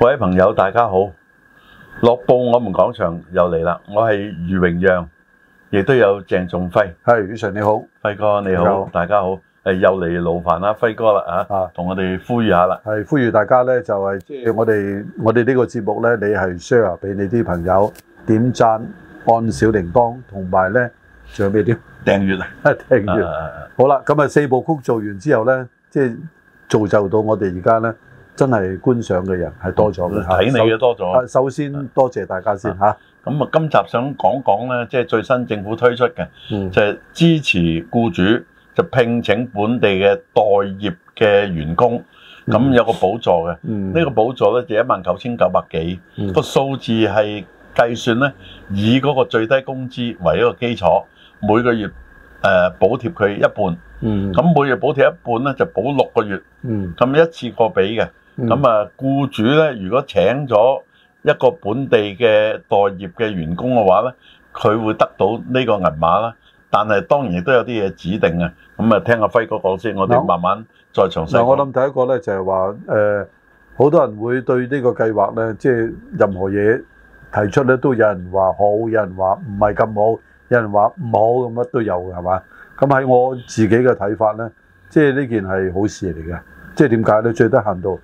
各位朋友，大家好，真係觀賞嘅人係多咗，睇你嘅多咗。首先多謝大家先嚇。咁啊，今集想講講咧，即係最新政府推出嘅，嗯，就係支持僱主就聘請本地嘅待業嘅員工，咁有個補助嘅。嗯，呢個補助咧就一萬九千九百幾個數字係計算咧，以嗰個最低工資為一個基礎，每個月誒補貼佢一半。嗯，咁每月補貼一半咧就補六個月。嗯，咁一次過俾嘅。咁、嗯、啊，僱主咧，如果請咗一個本地嘅待業嘅員工嘅話咧，佢會得到呢個銀碼啦。但係當然亦都有啲嘢指定啊。咁啊，聽阿輝哥講先，我哋慢慢再詳細。我諗第一個咧就係、是、話，誒、呃，好多人會對呢個計劃咧，即、就、係、是、任何嘢提出咧，都有人話好，有人話唔係咁好，有人話唔好咁乜都有係嘛？咁喺我自己嘅睇法咧，即係呢件係好事嚟嘅。即係點解咧？最低限度。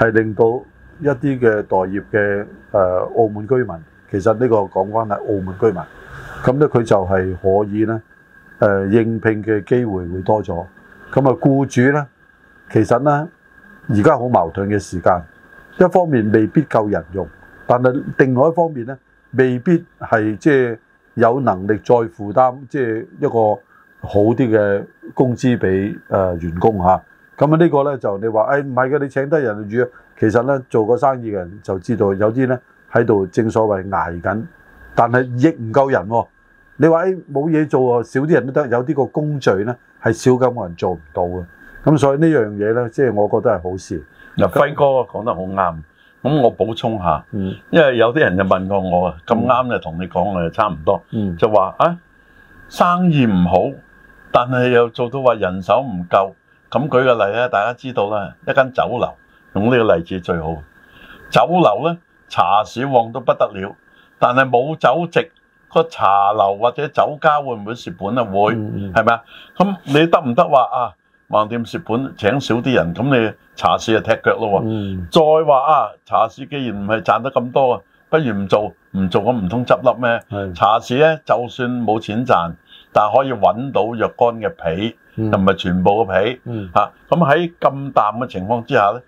係令到一啲嘅待業嘅誒澳門居民，其實呢個講返係澳門居民，咁咧佢就係可以咧誒應聘嘅機會會多咗，咁啊僱主咧其實咧而家好矛盾嘅時間，一方面未必夠人用，但係另外一方面咧未必係即係有能力再負擔即係一個好啲嘅工資俾誒員工嚇。咁呢個咧就你話誒唔係嘅，你請得人嚟住，其實咧做過生意嘅人就知道，有啲咧喺度正所謂捱緊，但係亦唔夠人喎、哦。你話誒冇嘢做喎，少啲人都得，有啲個工序咧係少咁個人做唔到嘅。咁所以呢樣嘢咧，即係我覺得係好事。嗱，輝哥講得好啱，咁我補充下，因為有啲人就問過我、嗯、啊，咁啱就同你講誒差唔多，就話啊生意唔好，但係又做到話人手唔夠。咁舉個例咧，大家知道啦，一間酒樓用呢個例子最好。酒樓咧茶市旺到不得了，但係冇酒席個茶樓或者酒家會唔會蝕本啊？會係咪、嗯、啊？咁你得唔得話啊？橫掂蝕本請少啲人，咁你茶市就踢腳咯喎。再話啊，茶市既然唔係賺得咁多啊，不如唔做，唔做咁唔通執笠咩？茶市咧就算冇錢賺，但可以揾到若干嘅皮。就唔係全部個皮，咁喺咁淡嘅情況之下咧，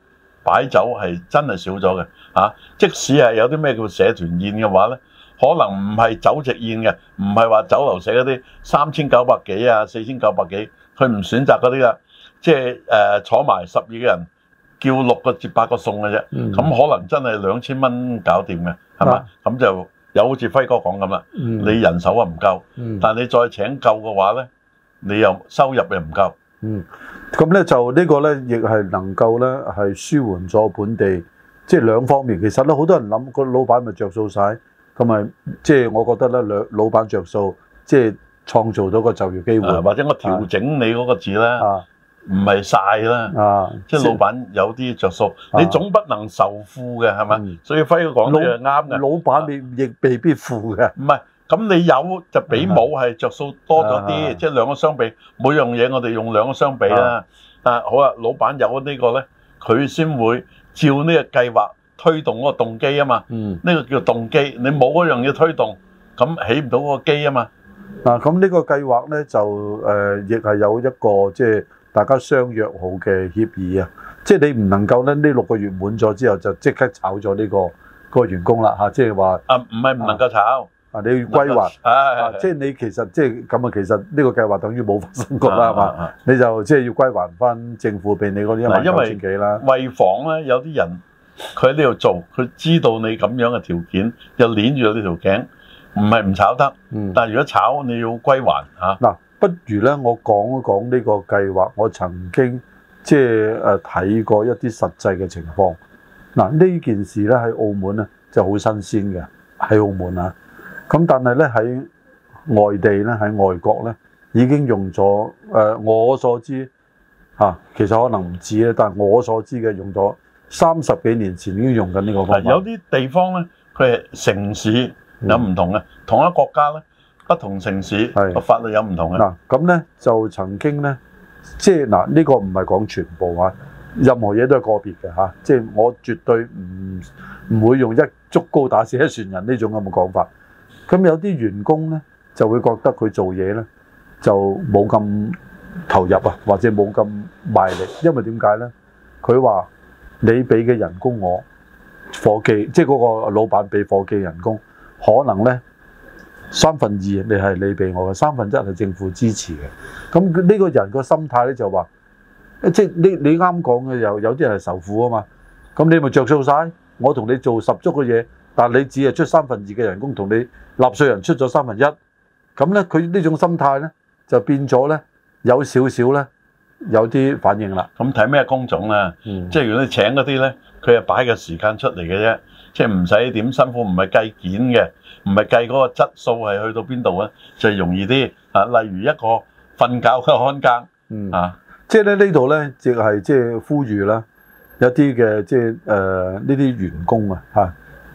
擺酒係真係少咗嘅、啊、即使係有啲咩叫社團宴嘅話咧，可能唔係酒席宴嘅，唔係話酒樓寫嗰啲三千九百幾啊、四千九百幾，佢唔選擇嗰啲啦。即係誒坐埋十二個人叫六個至八個餸嘅啫，咁、嗯、可能真係兩千蚊搞掂嘅，係、啊、嘛？咁就有好似輝哥講咁啦，你人手啊唔夠、嗯，但你再請夠嘅話咧。你又收入又唔夠，嗯，咁咧就個呢個咧，亦係能夠咧係舒緩咗本地，即係兩方面。其實咧，好多人諗個老闆咪着數晒，咁咪即係我覺得咧，兩老闆着數，即係創造到個就業機會、啊。或者我調整你嗰個字呢，唔、啊、係晒啦、啊，即係老闆有啲着數。你總不能仇富嘅係咪？所以輝哥講嘅係啱嘅，老闆你亦未必富嘅，唔、啊、係。咁你有就比冇係着數多咗啲，即、嗯、係、就是、兩個相比，嗯、每樣嘢我哋用兩個相比啦。啊、嗯，但好啊，老闆有個呢個咧，佢先會照呢個計劃推動嗰個動機啊嘛。嗯，呢、這個叫動機，你冇嗰樣嘢推動，咁起唔到個機啊嘛。嗱、啊，咁呢個計劃咧就誒，亦、呃、係有一個即係、就是、大家相約好嘅協議啊。即、就、係、是、你唔能夠咧，呢六個月滿咗之後就即刻炒咗呢、這個、那個員工啦吓，即係話啊，唔係唔能夠炒。啊要啊！你歸還啊！即係你其實即係咁啊！其實呢、啊、個計劃等於冇發生過啦，係、啊、嘛、啊？你就即係要歸還翻政府俾你嗰啲一萬九千幾啦。因為房咧，有啲人佢喺呢度做，佢知道你咁樣嘅條件，又攆住你呢條頸，唔係唔炒得。嗯、但係如果炒，你要歸還嚇。嗱、啊啊，不如咧，我講一講呢個計劃。我曾經即係誒睇過一啲實際嘅情況。嗱、啊，呢件事咧喺澳門咧就好、是、新鮮嘅，喺澳門啊。咁但係咧喺外地咧喺外國咧，已經用咗誒、呃、我所知嚇、啊，其實可能唔止咧，但係我所知嘅用咗三十幾年前已經用緊呢個方法。有啲地方咧，佢係城市有唔同嘅，嗯，同一國家咧不同城市係法律有唔同嘅。嗱咁咧就曾經咧，即係嗱呢個唔係講全部啊，任何嘢都係個別嘅嚇，即、啊、係、就是、我絕對唔唔會用一竹篙打死一船人呢種咁嘅講法。咁有啲員工咧就會覺得佢做嘢咧就冇咁投入啊，或者冇咁賣力，因為點解咧？佢話你俾嘅人工我夥計，即係嗰個老闆俾夥計人工，可能咧三分二你係你俾我嘅，三分一係政府支持嘅。咁呢個人個心態咧就話，即係你你啱講嘅，有有啲人係仇富啊嘛。咁你咪着數曬，我同你做十足嘅嘢。但你只係出三分二嘅人工，同你納稅人出咗三分一，咁咧佢呢種心態咧就變咗咧有少少咧有啲反應啦。咁睇咩工種啊、嗯？即係如果你請嗰啲咧，佢係擺個時間出嚟嘅啫，即係唔使點辛苦，唔係計件嘅，唔係計嗰個質素係去到邊度啊，就容易啲啊。例如一個瞓覺嘅看更、嗯、啊，即係咧呢度咧亦係即係呼籲啦，有啲嘅即係誒呢啲員工啊嚇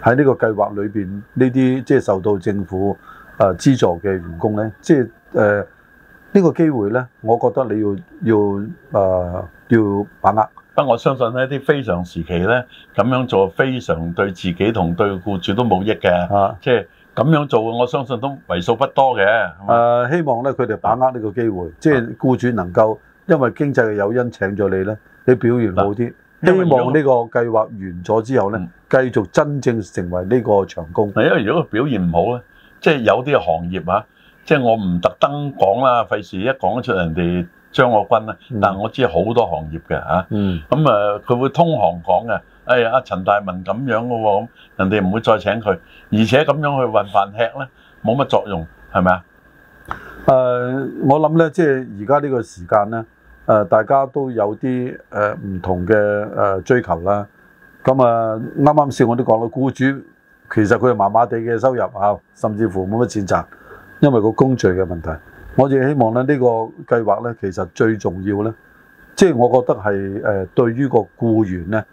喺呢個計劃裏邊，呢啲即係受到政府誒資助嘅員工咧，即係誒呢個機會咧，我覺得你要要誒、呃、要把握。不過我相信呢啲非常時期咧，咁樣做非常對自己同對僱主都冇益嘅。啊，即係咁樣做，我相信都為數不多嘅。誒、呃，希望咧佢哋把握呢個機會，嗯、即係僱主能夠因為經濟嘅有因請咗你咧，你表現好啲。希望呢個計劃完咗之後咧，繼、嗯、續真正成為呢個長工。係，因為如果佢表現唔好咧，即係有啲行業啊，即係我唔特登講啦，費事一講得出人哋將我軍啦、嗯。但係我知好多行業嘅嚇，咁誒佢會通行講嘅。哎呀，阿陳大文咁樣嘅喎，人哋唔會再請佢，而且咁樣去混飯吃咧，冇乜作用，係咪啊？誒、呃，我諗咧，即係而家呢個時間咧。呃、大家都有啲呃、唔同嘅、呃、追求啦。咁啊，啱啱先我都講到，僱主其實佢係麻麻地嘅收入啊，甚至乎冇乜錢賺，因為個工序嘅問題。我亦希望咧，這個、計劃呢個計劃咧，其實最重要咧，即、就、係、是、我覺得係誒、呃、對於個雇員咧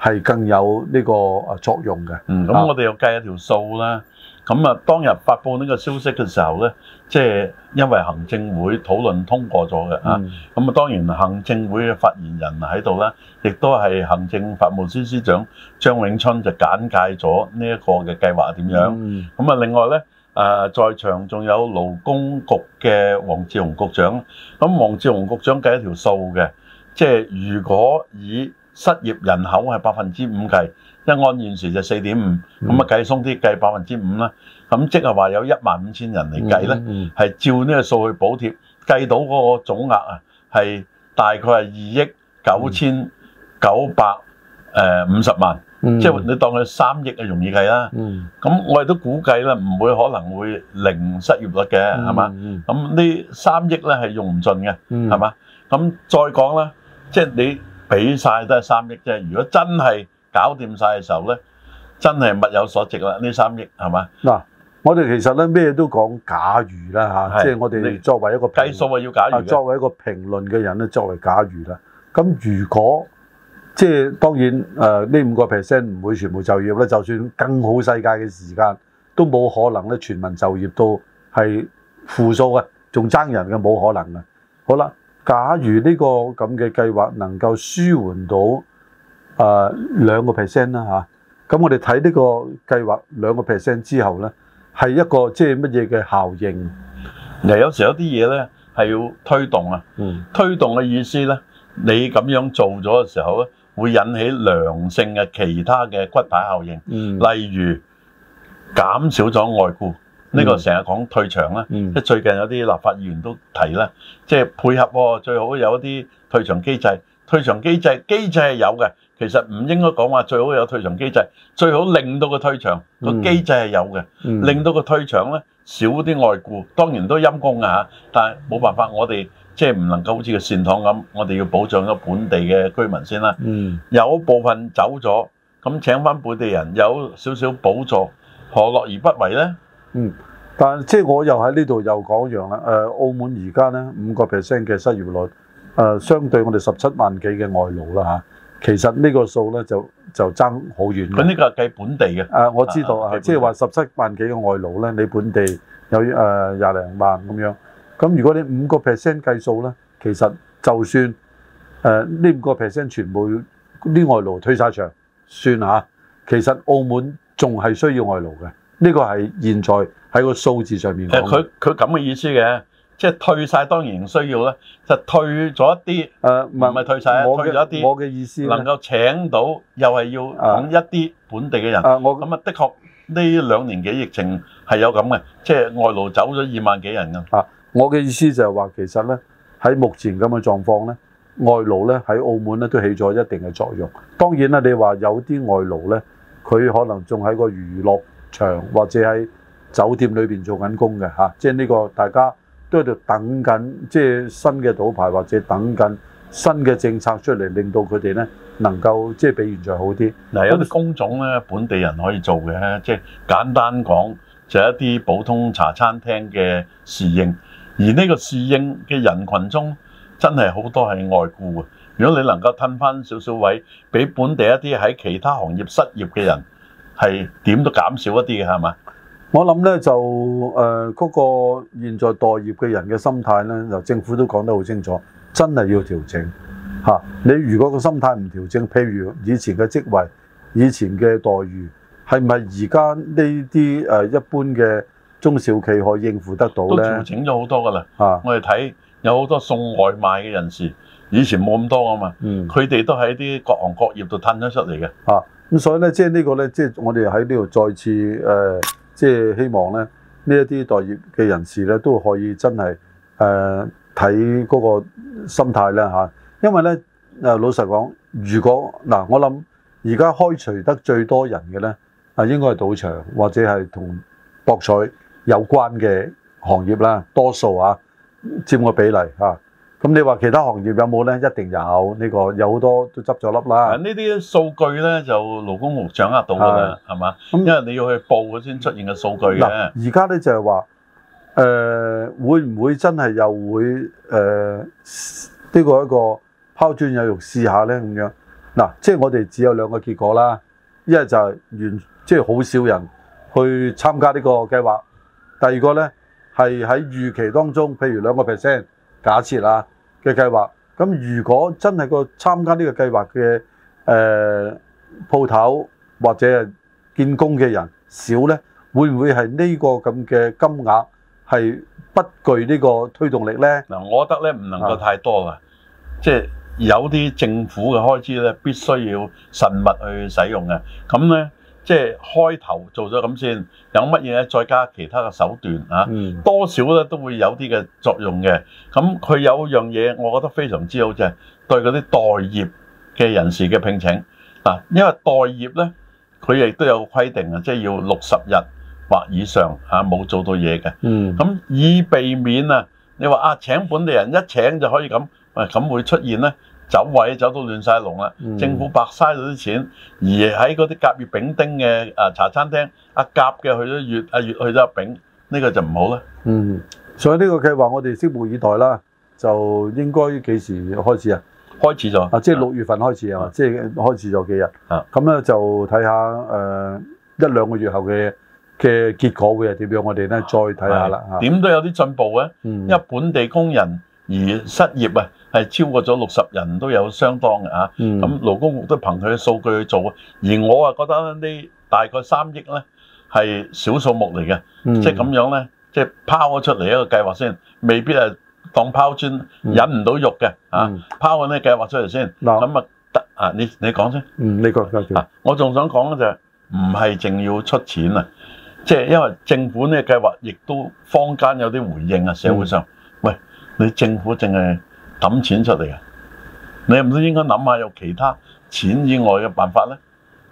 係更有呢個作用嘅。嗯，咁、啊、我哋又計一條數啦。咁啊，當日發布呢個消息嘅時候咧，即係因為行政會討論通過咗嘅啊。咁啊，當然行政會嘅發言人喺度啦，亦都係行政法務司司長張永春就簡介咗呢一個嘅計劃點樣。咁啊，另外咧，啊在場仲有勞工局嘅黃志雄局長。咁黃志雄局長計一條數嘅，即係如果以失業人口係百分之五計，即係按現時就四點五，咁啊計鬆啲計百分之五啦。咁即係話有一萬五千人嚟計咧，係照呢個數去補貼，計到嗰個總額啊，係大概係二億九千九百誒五十萬，即係你當佢三億啊，容易計啦。咁我哋都估計啦，唔會可能會零失業率嘅，係嘛？咁呢三億咧係用唔盡嘅，係嘛？咁再講啦，即係你。俾晒都係三億啫。如果真係搞掂晒嘅時候咧，真係物有所值啦。呢三億係嘛？嗱、啊，我哋其實咧咩都講假如啦吓，即係我哋作為一個計數啊要假如，作為一個評論嘅人咧，作為假如啦。咁如果即係當然誒，呢五個 percent 唔會全部就業咧。就算更好世界嘅時間都冇可能咧，全民就業都係負數啊，仲爭人嘅冇可能啊。好啦。假如呢個咁嘅計劃能夠舒緩到誒兩個 percent 啦吓，咁我哋睇呢個計劃兩個 percent 之後咧，係一個即係乜嘢嘅效應？嗱，有時有啲嘢咧係要推動啊，嗯、推動嘅意思咧，你咁樣做咗嘅時候咧，會引起良性嘅其他嘅骨牌效應，嗯、例如減少咗外顧。呢個成日講退場啦，即係最近有啲立法議員都提啦，即係配合最好有一啲退場機制。退場機制機制係有嘅，其實唔應該講話最好有退場機制，最好令到個退場個機制係有嘅，令到個退場咧少啲外顧，當然都陰公㗎嚇，但係冇辦法，我哋即係唔能夠好似個善堂咁，我哋要保障咗本地嘅居民先啦。有部分走咗，咁請翻本地人有少少補助，何樂而不為咧？嗯，但係即係我又喺呢度又講一樣啦。誒、呃，澳門而家咧五個 percent 嘅失業率，誒、呃、相對我哋十七萬幾嘅外勞啦吓、啊，其實呢個數咧就就爭好遠。咁呢個係計本地嘅？誒、啊，我知道啊，啊，即係話十七萬幾嘅外勞咧，你本地有誒廿零萬咁樣。咁、嗯、如果你五個 percent 計數咧，其實就算誒呢五個 percent 全部啲外勞推晒場算吓、啊，其實澳門仲係需要外勞嘅。呢、這個係現在喺個數字上面講，佢佢咁嘅意思嘅，即係退晒當然需要咧，就退咗一啲誒，唔、呃、係退晒、呃，退咗一啲。我嘅我嘅意思能夠請到又係要揾一啲本地嘅人，咁、呃、啊，我，的確呢兩年幾疫情係有咁嘅，即係外勞走咗二萬幾人㗎。啊、呃，我嘅意思就係話其實咧喺目前咁嘅狀況咧，外勞咧喺澳門咧都起咗一定嘅作用。當然啦，你話有啲外勞咧，佢可能仲喺個娛樂場或者喺酒店裏邊做緊工嘅吓，即係呢個大家都喺度等緊，即係新嘅賭牌或者等緊新嘅政策出嚟，令到佢哋咧能夠即係比現在好啲。嗱，有啲工種咧本地人可以做嘅，即係簡單講就係一啲普通茶餐廳嘅侍應，而呢個侍應嘅人群中真係好多係外雇啊！如果你能夠吞翻少少位俾本地一啲喺其他行業失業嘅人。係點都減少一啲嘅係嘛？我諗咧就誒嗰個現在待業嘅人嘅心態咧，由政府都講得好清楚，真係要調整嚇、啊。你如果個心態唔調整，譬如以前嘅職位、以前嘅待遇，係咪而家呢啲誒一般嘅中小企可以應付得到咧？都調整咗好多噶啦、啊，我哋睇有好多送外賣嘅人士，以前冇咁多噶嘛，佢、嗯、哋都喺啲各行各業度騰咗出嚟嘅嚇。啊咁所以咧，即係呢個咧，即係我哋喺呢度再次、呃、即係希望咧，呢一啲待業嘅人士咧，都可以真係誒睇嗰個心態啦嚇。因為咧，誒老實講，如果嗱、呃，我諗而家開除得最多人嘅咧，啊，應該係賭場或者係同博彩有關嘅行業啦，多數啊，佔個比例、啊咁你話其他行業有冇咧？一定有呢、這個，有好多都執咗笠啦。呢啲數據咧就勞工局掌握到㗎啦，係嘛？咁因為你要去報嗰先出現嘅數據嘅。嗱，而家咧就係話，誒、呃、會唔會真係又會誒呢、呃這個一個拋磚引玉試下咧？咁樣嗱，即係我哋只有兩個結果啦，一係就係完，即係好少人去參加呢個計劃；第二個咧係喺預期當中，譬如兩個 percent。假設啊嘅計劃，咁如果真係個參加呢個計劃嘅誒鋪頭或者建工嘅人少咧，會唔會係呢個咁嘅金額係不具呢個推動力咧？嗱，我覺得咧唔能夠太多噶，即係有啲政府嘅開支咧必須要慎密去使用嘅，咁咧。即係開頭做咗咁先，有乜嘢咧？再加其他嘅手段、啊、多少咧都會有啲嘅作用嘅。咁佢有樣嘢，我覺得非常之好就係、是、對嗰啲待業嘅人士嘅聘請、啊、因為待業咧，佢亦都有規定啊，即係要六十日或以上冇、啊、做到嘢嘅。咁、嗯、以避免啊，你話啊請本地人一請就可以咁，咪咁會出現咧？走位走到亂晒龍啦，政府白嘥咗啲錢，嗯、而喺嗰啲甲乙丙丁嘅誒茶餐廳，阿甲嘅去咗乙，阿、啊、乙去咗丙，呢、這個就唔好啦。嗯，所以呢個計劃我哋拭目以待啦。就應該幾時開始啊？開始咗啊，即係六月份開始啊、嗯，即係開始咗幾日。啊、嗯，咁咧就睇下誒一兩個月後嘅嘅結果會係點樣，我哋咧再睇下啦。點都有啲進步嘅，因為本地工人。而失業啊，係超過咗六十人都有相當嘅嚇。咁、嗯、勞工局都憑佢嘅數據去做。而我啊覺得呢大概三億咧係少數目嚟嘅、嗯，即係咁樣咧，即係拋咗出嚟一個計劃先，未必係當拋磚引唔到肉嘅嚇、嗯。拋嗰呢計劃出嚟先。嗱、嗯，咁啊得啊，你你講先。嗯，你講先、啊。我仲想講咧，就係唔係淨要出錢啊？即係因為政府呢計劃亦都坊間有啲回應啊、嗯，社會上喂。你政府淨係抌錢出嚟嘅，你係咪應該諗下有其他錢以外嘅辦法咧？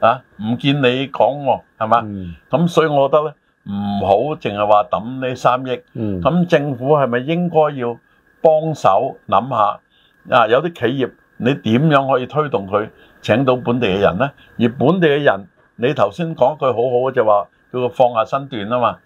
啊，唔見你講喎、啊，係嘛？咁、嗯、所以我覺得咧，唔好淨係話抌呢三億。咁、嗯、政府係咪應該要幫手諗下？啊，有啲企業你點樣可以推動佢請到本地嘅人咧？而本地嘅人，你頭先講一句好好嘅就話叫佢放下身段啊嘛。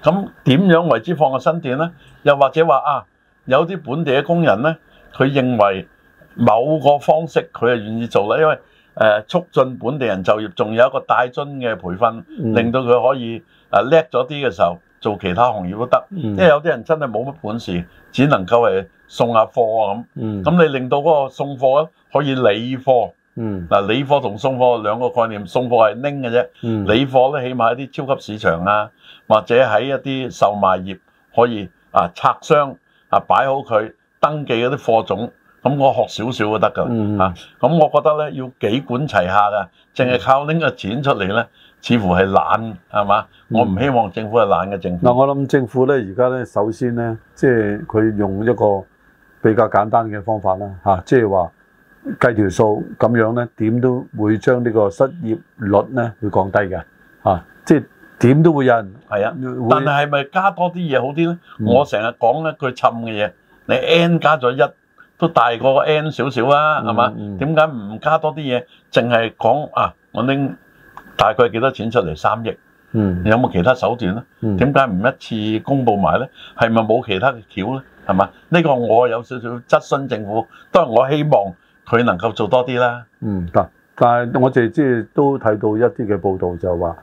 咁點樣為之放下身段咧？又或者話啊？有啲本地嘅工人咧，佢認為某個方式佢係願意做啦，因為誒、呃、促進本地人就業，仲有一個大樽嘅培訓、嗯，令到佢可以啊叻咗啲嘅時候做其他行業都得、嗯。因為有啲人真係冇乜本事，只能夠係送下貨啊咁。咁、嗯、你令到嗰個送貨可以理貨，嗱、嗯、理貨同送貨兩個概念，送貨係拎嘅啫，理貨咧起碼喺啲超級市場啊，或者喺一啲售賣業可以啊拆箱。啊！擺好佢登記嗰啲貨種，咁我學少少都得噶。啊，咁我覺得咧要幾管齊下噶，淨係靠拎個錢出嚟咧、嗯，似乎係懶係嘛？我唔希望政府係懶嘅、嗯、政府。嗱，我諗政府咧，而家咧，首先咧，即係佢用一個比較簡單嘅方法啦。嚇、啊，即係話計條數咁樣咧，點都會將呢個失業率咧會降低嘅。啊，即係。點都會有人係啊！但係係咪加多啲嘢好啲咧、嗯？我成日講一句氹嘅嘢，你 N 加咗一都大過 N 少少啊，係、嗯、嘛？點解唔加多啲嘢？淨係講啊，我拎大概幾多錢出嚟三億，有冇其他手段咧？點解唔一次公布埋咧？係咪冇其他嘅橋咧？係嘛？呢、這個我有少少質詢政府，當然我希望佢能夠做多啲啦。嗯，得，但係我哋即係都睇到一啲嘅報道就話。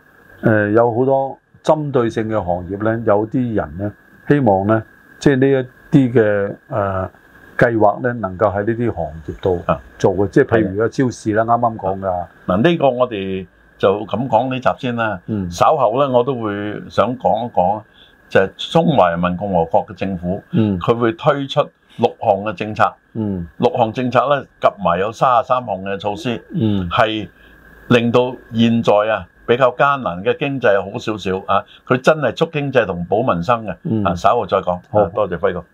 誒、呃、有好多針對性嘅行業咧，有啲人咧希望咧，即係、呃、呢一啲嘅誒計劃咧，能夠喺呢啲行業度做嘅，即係譬如個超市啦，啱啱講噶。嗱呢、啊這個我哋就咁講呢集先啦。嗯，稍後咧我都會想講一講，就係、是、中華人民共和國嘅政府，嗯，佢會推出六項嘅政策，嗯，六項政策咧夾埋有三十三項嘅措施，嗯，係令到現在啊。比較艱難嘅經濟好少少啊，佢真係促經濟同保民生嘅，嗯，稍後再講，好，多謝輝哥。